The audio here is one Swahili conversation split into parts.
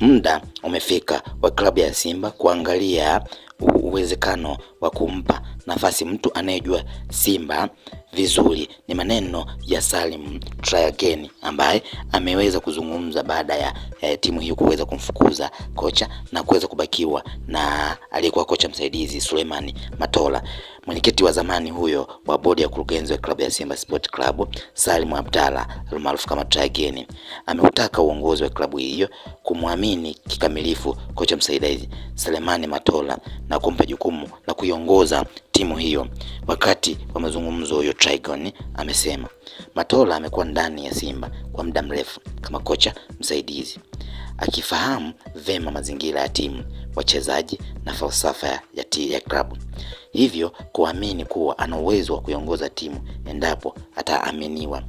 muda umefika wa klabu ya Simba kuangalia uwezekano wa kumpa nafasi mtu anayejua Simba vizuri ni maneno ya Salim Tryageni ambaye ameweza kuzungumza baada ya eh, timu hiyo kuweza kumfukuza kocha na kuweza kubakiwa na aliyekuwa kocha msaidizi Suleimani Matola. Mwenyekiti wa zamani huyo wa bodi ya kurugenzi wa klabu ya Simba Sport Club, Salim Abdalla almaarufu kama Tryageni, ameutaka uongozi wa klabu hiyo kumwamini kikamilifu kocha msaidizi Suleimani Matola na kumpa jukumu la kuiongoza timu hiyo. Wakati wa mazungumzo huyo, Trigon amesema Matola amekuwa ndani ya Simba kwa muda mrefu kama kocha msaidizi, akifahamu vema mazingira ya timu, wachezaji na falsafa ya, ya klabu, hivyo kuamini kuwa ana uwezo wa kuiongoza timu endapo ataaminiwa.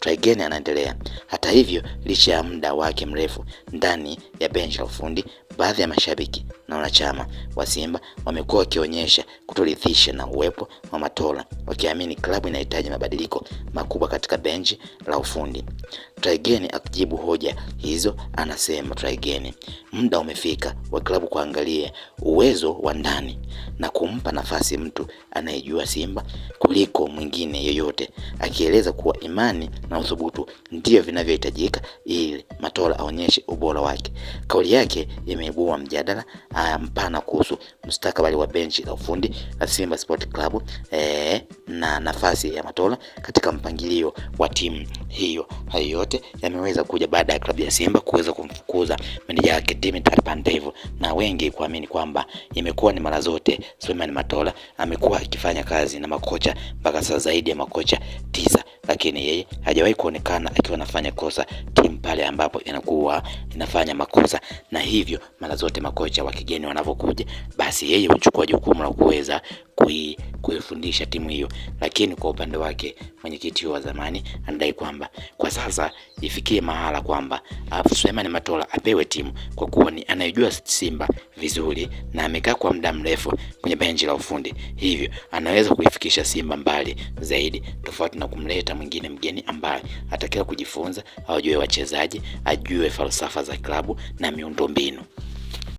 Trigon anaendelea. Hata hivyo, licha ya muda wake mrefu ndani ya benchi la ufundi, baadhi ya mashabiki na wanachama wa Simba wamekuwa wakionyesha kutoridhisha na uwepo wa Matola, wakiamini klabu inahitaji mabadiliko makubwa katika benchi la ufundi. Traigeni akijibu hoja hizo anasema Traigeni, muda umefika wa klabu kuangalia uwezo wa ndani na kumpa nafasi mtu anayejua Simba kuliko mwingine yeyote, akieleza kuwa imani na uthubutu ndio vinavyohitajika ili Matola aonyeshe ubora wake. Kauli yake imeibua mjadala ah, mpana kuhusu mustakabali wa benchi la ufundi la Simba Sport Club e, na nafasi ya Matola katika mpangilio wa timu hiyo. Hayo yote yote yameweza kuja baada ya klabu ya Simba kuweza kumfukuza meneja wake Dimitri Pandevu, na wengi kuamini kwamba imekuwa ni mara zote Suleiman Matola amekuwa akifanya kazi na makocha mpaka sasa zaidi ya makocha tisa, lakini yeye hajawahi kuonekana akiwa anafanya kosa timu pale ambapo inakuwa inafanya makosa, na hivyo mara zote makocha wa kigeni wanavyokuja, basi yeye huchukua jukumu la kuweza kui, kuifundisha timu hiyo. Lakini kwa upande wake mwenyekiti wa zamani anadai kwamba kwa sasa ifikie mahala kwamba ah, Suleiman Matola apewe timu kwa kuwa ni anayejua Simba vizuri na amekaa kwa muda mrefu kwenye benchi la ufundi, hivyo anaweza kuifikisha Simba mbali zaidi, tofauti na kumleta mwingine mgeni ambaye atakiwa kujifunza, awajue wachezaji, ajue falsafa za klabu na miundo mbinu.